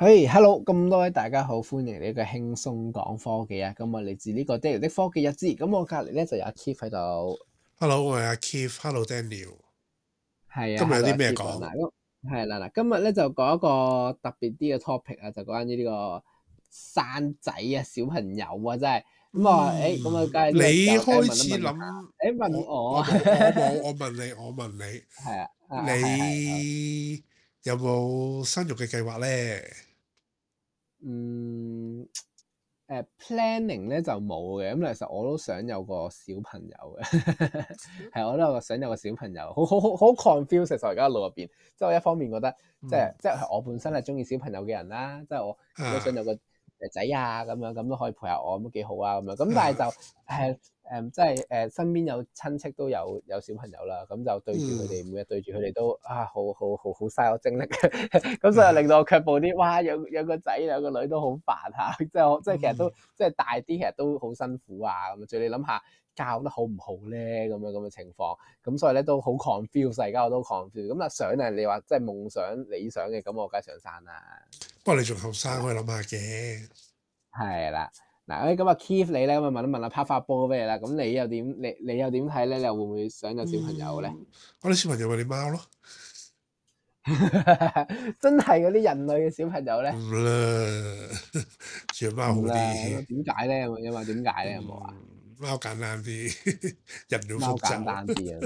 嘿，hello，咁多位大家好，歡迎嚟呢個輕鬆講科技啊！咁我嚟自呢個 Daniel 的科技日誌，咁我隔籬咧就有阿 Keith 喺度。Hello，我係阿 Keith。Hello，Daniel。係啊。今日有啲咩講？係啦，嗱，今日咧就講一個特別啲嘅 topic 啊，就關於呢個生仔啊，小朋友啊，真係咁啊，誒，咁啊，梗係你開始諗，誒，問我，我問你，我問你，係啊，你有冇生育嘅計劃咧？嗯，誒，planning 咧就冇嘅，咁其實我都想有個小朋友嘅，係 我都有個想有個小朋友，好好好好 confused 我而家腦入邊，即係我一方面覺得，即係即係我本身係中意小朋友嘅人啦，即係我都想有個仔啊，咁樣咁都可以配合我，咁幾好啊，咁樣，咁但係就誒。 誒，即係誒，就是、身邊有親戚都有有小朋友啦，咁就對住佢哋，每日、嗯、對住佢哋都啊，好好好好嘥我精力嘅，所 以令到我卻步啲。哇，有有個仔，有個,個女都好煩嚇，即係即係其實都即係大啲，其實都好辛苦啊。咁最你諗下，教得好唔好咧？咁樣咁嘅情況，咁所以咧都好 confused，而家我都 confused。咁啊想啊，你話即係夢想理想嘅，咁我梗係上山啦。不過你仲後生，可以諗下嘅。係啦。嗱，咁啊，Keith 你咧，咁啊問一問啊，拍花波俾你啦？咁你又點？你你又點睇咧？你又會唔會想有小朋友咧？我啲小朋友咪啲貓咯，真係嗰啲人類嘅小朋友咧，唔啦，養貓好啲。點解咧？有冇話點解咧？有冇啊？貓簡單啲，人腦複雜。貓簡單啲啊，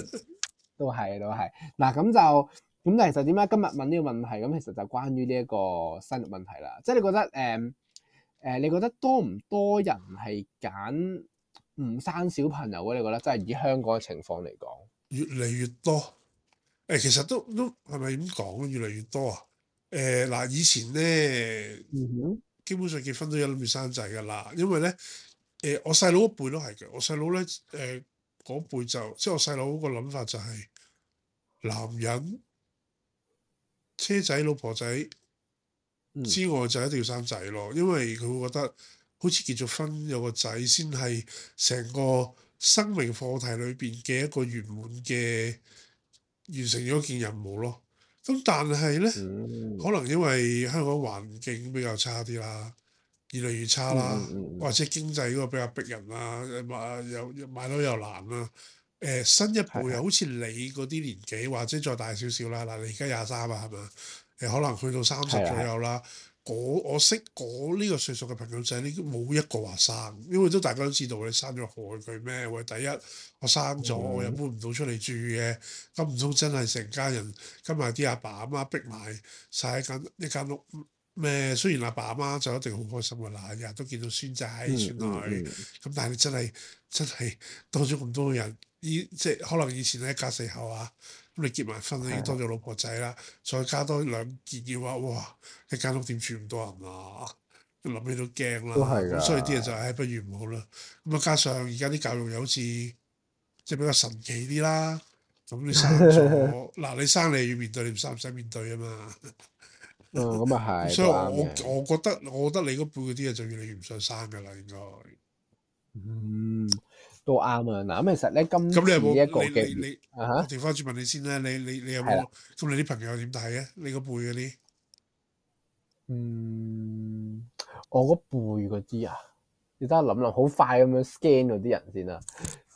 都係都係。嗱，咁就咁。其實點解今日問呢個問題？咁其實就關於呢一個生育問題啦。即係你覺得誒？誒、呃，你覺得多唔多人係揀唔生小朋友嘅？你覺得真係以香港嘅情況嚟講，越嚟越多。誒，其實都都係咪咁講？越嚟越多啊！誒、呃、嗱，以前咧，嗯、哼基本上結婚都有諗住生仔㗎啦。因為咧，誒、呃、我細佬一輩都係嘅。我細佬咧，誒、呃、嗰輩就即係我細佬個諗法就係、是、男人車仔老婆仔。之外就一定要生仔咯，因為佢會覺得好似結咗婚有個仔先係成個生命課題裏邊嘅一個圓滿嘅完成咗件任務咯。咁但係呢，嗯、可能因為香港環境比較差啲啦，越嚟越差啦，嗯嗯、或者經濟嗰個比較逼人啊，買又買樓又難啊。誒、呃，新一輩又好似你嗰啲年紀，嗯、或者再大少少啦。嗱，你而家廿三啊，係咪？可能去到三十左右啦的，我識我識嗰呢個歲數嘅朋友仔，呢冇一個話生，因為都大家都知道，你生咗害佢咩？話第一我生咗，我、嗯、又搬唔到出嚟住嘅，咁唔通真係成家人跟埋啲阿爸阿媽逼埋晒一間呢間屋咩？雖然阿爸阿媽就一定好開心噶啦，日都見到孫仔孫女，咁、嗯嗯、但係真係真係多咗咁多人，以即係可能以前一家四口啊。咁你結埋婚已經多咗老婆仔啦，的再加多兩件嘅話，哇！一間屋點住咁多人啊？諗起都驚啦。都係啊！所以啲嘢就係、係、不如唔好啦。咁啊，加上而家啲教育又好似即係比較神奇啲啦。咁你生嗱， 你生你要面對，你唔生唔使面對啊嘛。哦、 嗯，咁啊係。所以我的我覺得，我覺得你嗰輩嗰啲嘢，就越嚟越唔想生噶啦，應該。嗯。都啱啊！嗱咁，其實咧今年呢一個嘅，你，啊嚇，調翻轉問你先啦，你你你有冇？咁你啲朋友點睇咧？你個背嗰啲，嗯，我個背嗰啲啊，你等下諗諗，好快咁樣 scan 到啲人先啦。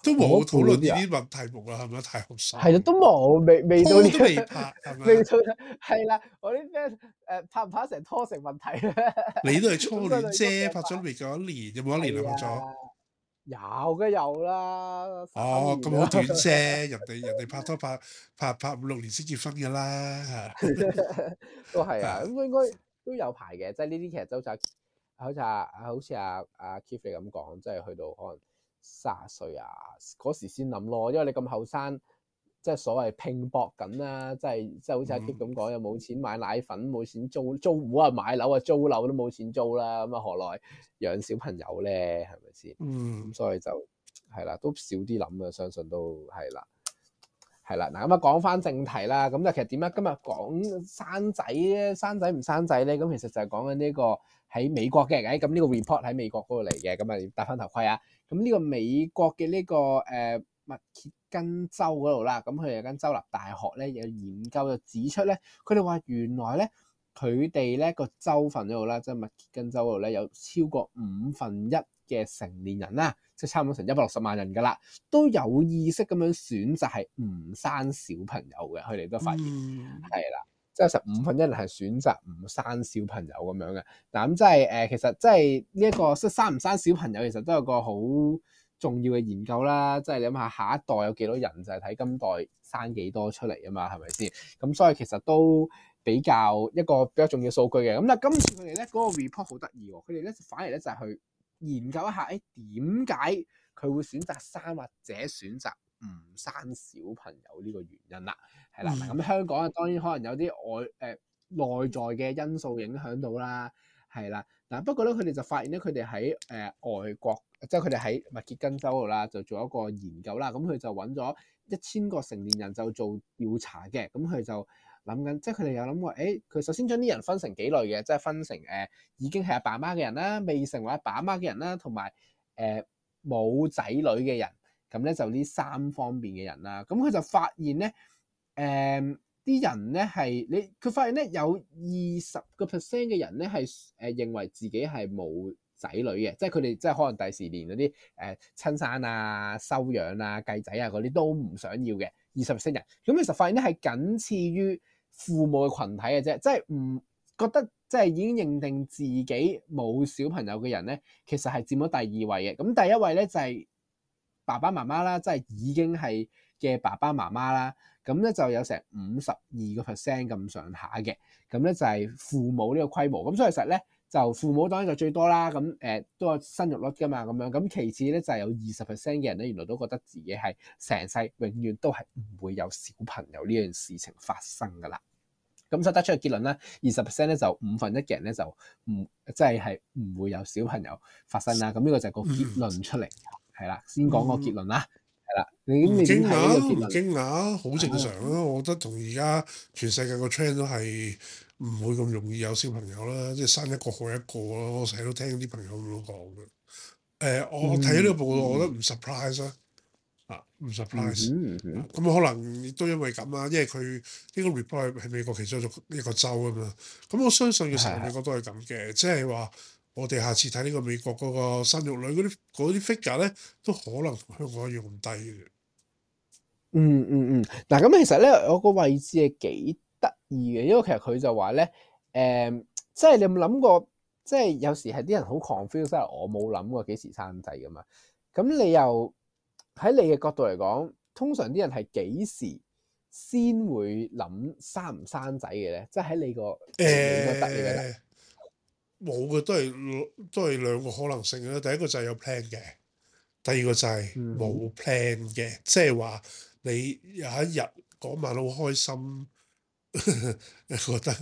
都冇討論啲問題目啦，係咪太好晒？係啊，都冇，未未到呢個。未拍，係咪？未到。係啦，我啲咩誒拍唔拍成拖成問題咧？你都係初戀啫，拍咗未？咗一年，有冇一年啊？拍咗。有嘅有啦，哦咁好短啫 ，人哋人哋拍拖拍拍拍，拍五六年先結婚嘅啦，都係、 哦、啊，咁應該都有排嘅，即係呢啲其實周澤，好似阿好似阿阿 Keeve 咁講，即、啊、係、就是、去到可能卅歲啊嗰時先諗咯，因為你咁後生。即係所謂拼搏緊、啊、啦，即係即係好似阿 K 咁講，又冇錢買奶粉，冇錢租租屋啊，買樓啊，租樓、啊、租樓都冇錢租啦，咁啊何來養小朋友咧？係咪先？嗯，咁所以就係啦，都少啲諗啊，相信都係啦，係啦。嗱咁啊，講翻正題啦。咁啊，其實點啊？今日講生仔咧，生仔唔生仔咧？咁其實就係講緊呢個喺美國嘅，咁呢個 report 喺美國嗰度嚟嘅。咁啊，戴翻頭盔啊。咁呢個美國嘅呢、呢個誒麥、呃根州嗰度啦，咁佢哋有根州立大學咧，有研究就指出咧，佢哋話原來咧佢哋咧個州份嗰度啦，即係密歇根州嗰度咧，有超過五分一嘅成年人啦，即係差唔多成一百六十萬人噶啦，都有意識咁樣選擇係唔生小朋友嘅，佢哋都發現係啦，即係十五分一係選擇唔生小朋友咁樣嘅。嗱咁即係誒，其實即係呢一個即係生唔生小朋友，其實都有個好重要嘅研究啦，即係你諗下，下一代有幾多人就係睇今代生幾多出嚟啊嘛，係咪先？咁所以其實都比較一個比較重要數據嘅。咁但今次佢哋咧嗰個 report 好得意喎，佢哋咧反而咧就係去研究一下，誒點解佢會選擇生或者選擇唔生小朋友呢個原因啦，係啦、嗯。咁香港啊，當然可能有啲外、誒、內在嘅因素影響到啦，係啦。嗱，不過咧，佢哋就發現咧，佢哋喺誒外國，即係佢哋喺密歇根州度啦，就做一個研究啦。咁、嗯、佢就揾咗一千個成年人就做調查嘅。咁、嗯、佢就諗緊，即係佢哋有諗過，誒、欸，佢首先將啲人分成幾類嘅，即係分成誒、呃、已經係阿爸媽嘅人啦，未成為阿爸阿媽嘅人啦，同埋誒冇仔女嘅人。咁咧就呢三方面嘅人啦。咁、嗯、佢就發現咧，誒、呃。啲人咧係你，佢發現咧，有二十個 percent 嘅人咧，係誒認為自己係冇仔女嘅，即係佢哋即係可能第時連嗰啲誒親生啊、收養啊、繼仔啊嗰啲、啊、都唔想要嘅二十 percent 人。咁、嗯、其實發現咧係僅次於父母嘅群體嘅啫，即係唔覺得即係已經認定自己冇小朋友嘅人咧，其實係佔咗第二位嘅。咁、嗯、第一位咧就係、是、爸爸媽媽啦，即係已經係嘅爸爸媽媽啦。咁咧就有成五十二個 percent 咁上下嘅，咁咧就係父母呢個規模，咁所以實咧就父母當然就最多啦，咁誒、呃、都有生育率噶嘛，咁樣，咁其次咧就係、是、有二十 percent 嘅人咧，原來都覺得自己係成世永遠都係唔會有小朋友呢樣事情發生噶啦，咁所以得出嘅結論啦，二十 percent 咧就五分一嘅人咧就唔即係係唔會有小朋友發生啦，咁呢個就係個結論出嚟，係啦、嗯，先講個結論啦。係唔驚訝，唔驚訝，好、啊、正常啊！我覺得同而家全世界個 trend 都係唔會咁容易有小朋友啦，即係生一個好一個咯。我成日都聽啲朋友咁樣講嘅。誒、呃，我睇呢個報道，我覺得唔 surprise 啦。啊，唔 surprise、嗯。咁可能都因為咁啊，因為佢呢個 report 係美國其中一個州啊嘛。咁我相信嘅成個美國都係咁嘅，即係話。我哋下次睇呢個美國嗰個生育率嗰啲啲 figure 咧，都可能同香港一樣咁低嘅、嗯。嗯嗯嗯，嗱咁其實咧，我個位置係幾得意嘅，因為其實佢就話咧，誒、嗯，即係你有冇諗過，即係有時係啲人好 confuse，我冇諗過幾時生仔噶嘛。咁你又喺你嘅角度嚟講，通常啲人係幾時先會諗生唔生仔嘅咧？即係喺你個誒。冇嘅都係兩都係兩個可能性嘅。第一個就係有 plan 嘅，第二個就係冇 plan 嘅。嗯、即係話你有一日嗰晚好開心， 覺得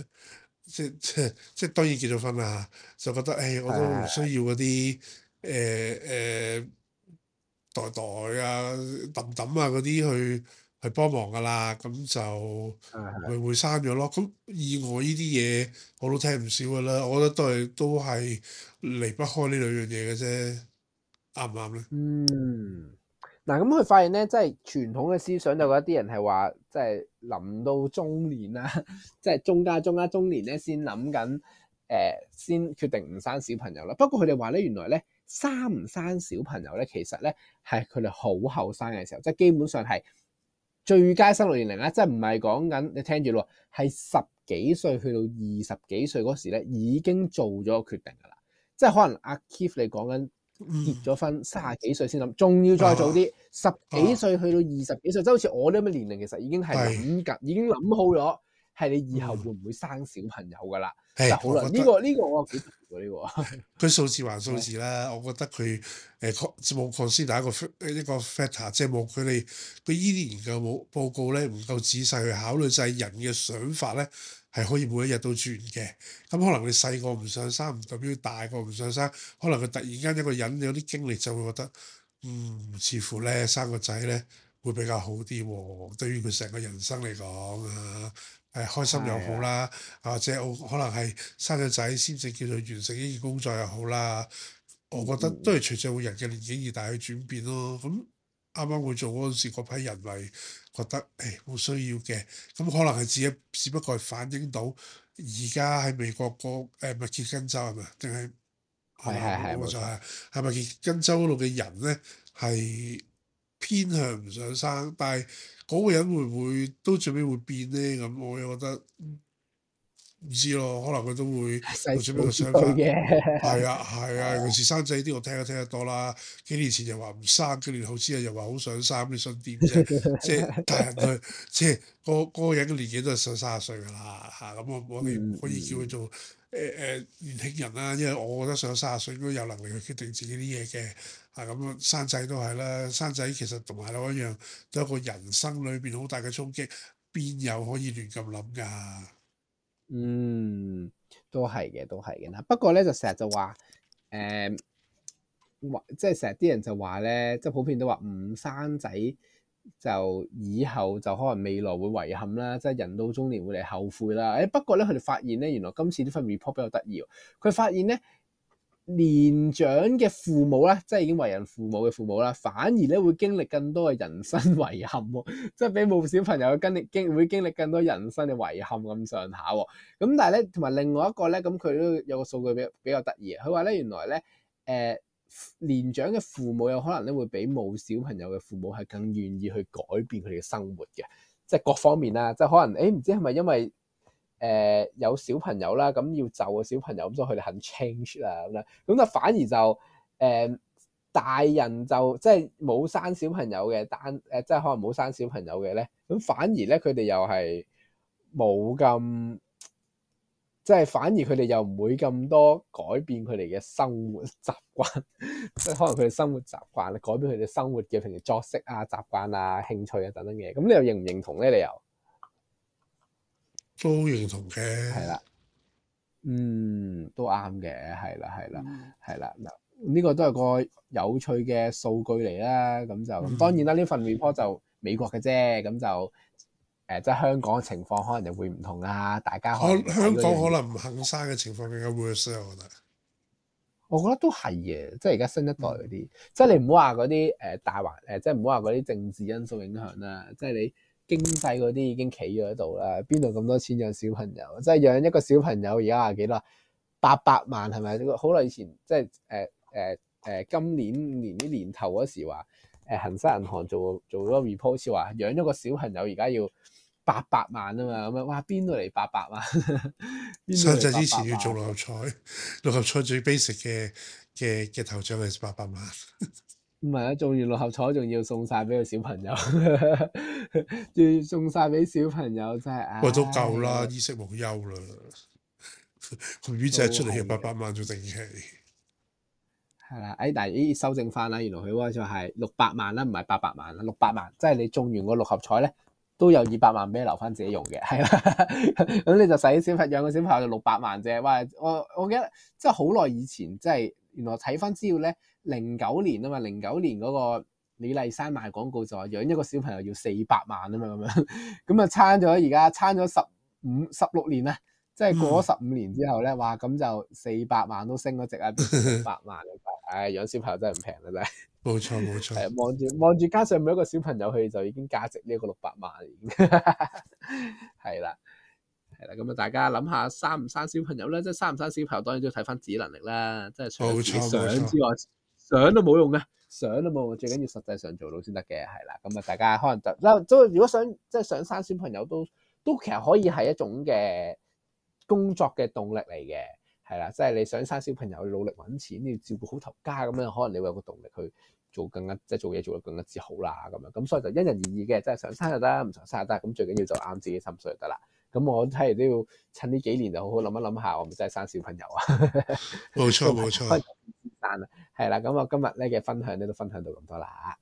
即即即、即當然結咗婚啦，就覺得誒、哎、我都唔需要嗰啲誒誒袋袋啊、揼揼啊嗰啲去。係幫忙㗎啦，咁就佢會生咗咯。咁意外呢啲嘢我都聽唔少㗎啦。我覺得都係都係離不開合不合呢兩樣嘢嘅啫，啱唔啱咧？嗯，嗱，咁佢發現咧，即係傳統嘅思想就覺得啲人係話，即係臨到中年啦，即係中家中家中年咧，先諗緊誒，先決定唔生小朋友啦。不過佢哋話咧，原來咧生唔生小朋友咧，其實咧係佢哋好後生嘅時候，即係基本上係。最佳生育年齡啦，即係唔係講緊你聽住啦，係十幾歲去到二十幾歲嗰時咧，已經做咗個決定㗎啦。即係可能阿 Keith 你講緊結咗婚，三十幾歲先諗，仲要再早啲、啊、十幾歲去到二十幾歲，即係好似我呢咁嘅年齡，其實已經係諗㗎，的已經諗好咗。係你以後會唔會生小朋友㗎啦？誒、嗯，好啦，呢個呢個我幾同意喎。呢個佢數字還數字啦，我覺得佢誒望擴先打個一、 呃、一個 factor 即係冇佢哋佢依年嘅報報告咧唔夠仔細去考慮，就係人嘅想法咧係可以每一日都轉嘅。咁、嗯、可能你細個唔想生，唔代表大個唔想生，可能佢突然間一個人有啲經歷就會覺得，嗯，似乎咧生個仔咧會比較好啲喎。對於佢成個人生嚟講啊～誒開心又好啦，的或者我可能係生咗仔先至叫佢完成呢件工作又好啦。嗯、我覺得都係隨著人嘅年紀而大去轉變咯。咁啱啱會做嗰陣時嗰批人咪覺得誒冇、哎、需要嘅，咁可能係自己只不過係反映到而家喺美國個誒密歇根州係咪？定係係係係冇錯係，係密歇根州度嘅人咧係。偏向唔想生，但係嗰個人會唔會都最尾會變呢？咁我又覺得唔、嗯、知咯，可能佢都會，最尾會想生，係啊，係啊，尤其是生仔啲，我聽都聽得多啦。幾年前又話唔生，幾年後之後又話好想生，你想點啫？即係但係佢即係個嗰個人嘅年紀都係上三十歲㗎啦，吓，咁我我哋可以叫佢做。嗯誒誒、欸、年輕人啦、啊，因為我覺得上咗卅歲都有能力去決定自己啲嘢嘅，啊咁樣生仔都係啦，生仔其實同埋我一樣，都一個人生裏邊好大嘅衝擊，邊有可以亂咁諗㗎？嗯，都係嘅，都係嘅。嗱，不過咧就成日就話，誒，或即係成日啲人就話咧，即係普遍都話唔生仔。就以後就可能未來會遺憾啦，即係人到中年會嚟後悔啦。誒不過咧，佢哋發現咧，原來今次呢份 report 比較得意喎。佢發現咧，年長嘅父母咧，即係已經為人父母嘅父母啦，反而咧會經歷更多嘅人生遺憾喎，即係比冇小朋友經歷經會經歷更多人生嘅遺憾咁上下喎。咁但係咧，同埋另外一個咧，咁佢都有個數據比比較得意，佢話咧，原來咧，誒。年長嘅父母有可能咧，會比冇小朋友嘅父母係更願意去改變佢哋嘅生活嘅，即係各方面啦，即係可能誒唔、欸、知係咪因為誒、呃、有小朋友啦，咁要就個小朋友，咁所以佢哋肯 change 啊咁啦，咁但反而就誒、呃、大人就即係冇生小朋友嘅但誒，即係可能冇生小朋友嘅咧，咁反而咧佢哋又係冇咁。即係反而佢哋又唔會咁多改變佢哋嘅生活習慣，即係可能佢哋生活習慣咧改變佢哋生活嘅平時作息啊、習慣啊、興趣啊等等嘅，咁你又認唔認同咧？你又都認同嘅，係啦，嗯，都啱嘅，係啦，係啦，係啦，嗱，呢個都係個有趣嘅數據嚟啦，咁就當然啦，呢份 report 就美國嘅啫，咁就。誒，即係、呃就是、香港嘅情況，可能就會唔同啊！大家可能香港可能唔肯生嘅情況更加會少，我覺得。我覺得都係嘅，即係而家新一代嗰啲，即係、嗯、你唔好話嗰啲誒大環誒，即係唔好話嗰啲政治因素影響啦。即係、嗯、你經濟嗰啲已經企咗喺度啦，邊度咁多錢養小朋友？即、就、係、是、養一個小朋友而家話幾多？八百萬係咪？好耐以前，即係誒誒誒，今年年呢年頭嗰時話。誒恆生銀行做做咗個 report，話養咗個小朋友而家要八百萬啊嘛，咁啊，哇，邊度嚟八百萬？上世之前要做六合彩，六合彩最 basic 嘅嘅嘅頭獎係八百萬。唔 係啊，做完六合彩仲要送晒俾個小朋友，仲 要送晒俾小朋友真係。我足夠啦，啊、衣食無憂啦。餘 姐出嚟要八百萬做定期。係啦，誒、哎，但係依修正翻啦，原來佢嗰個係六百萬啦，唔係八百萬啦，六百萬，即係、就是、你中完個六合彩咧，都有二百萬俾你留翻自己用嘅，係啦，咁 你就使小佛養個小朋友就六百萬啫，哇！我我記得即係好耐以前，即、就、係、是、原來睇翻資料咧，零九年啊嘛，零九年嗰個李麗珊賣廣告就話養一個小朋友要四百萬啊嘛，咁 樣，咁啊撐咗而家撐咗十五、十六年啊，即係過咗十五年之後咧，嗯、哇！咁就四百萬都升咗值啊，變成八百萬。唉、哎，養小朋友真係唔平啦，真係，冇錯冇錯，係望住望住，加 上每一個小朋友去，就已經價值呢個六百萬已經，係 啦，係啦。咁啊，大家諗下，生唔生小朋友咧？即係生唔生小朋友，當然都要睇翻自己能力啦。即係除咗想，錯想之外，錯想都冇用嘅，想都冇用。最緊要實際上做到先得嘅，係啦。咁啊、嗯，大家可能就啦，即係如果想即係想生小朋友，都都其實可以係一種嘅工作嘅動力嚟嘅。係啦，即係你想生小朋友，努力搵錢，你要照顧好頭家咁樣，可能你會有個動力去做更加，即係做嘢，做得更加之好啦咁樣。咁所以就因人而異嘅，即係想生就得，唔想生就得。咁最緊要就啱自己心水就得啦。咁我睇嚟，都要趁呢幾年就好好諗一諗下，我唔使生小朋友啊。冇錯冇錯。錯 但係啦，咁我今日咧嘅分享咧都分享到咁多啦。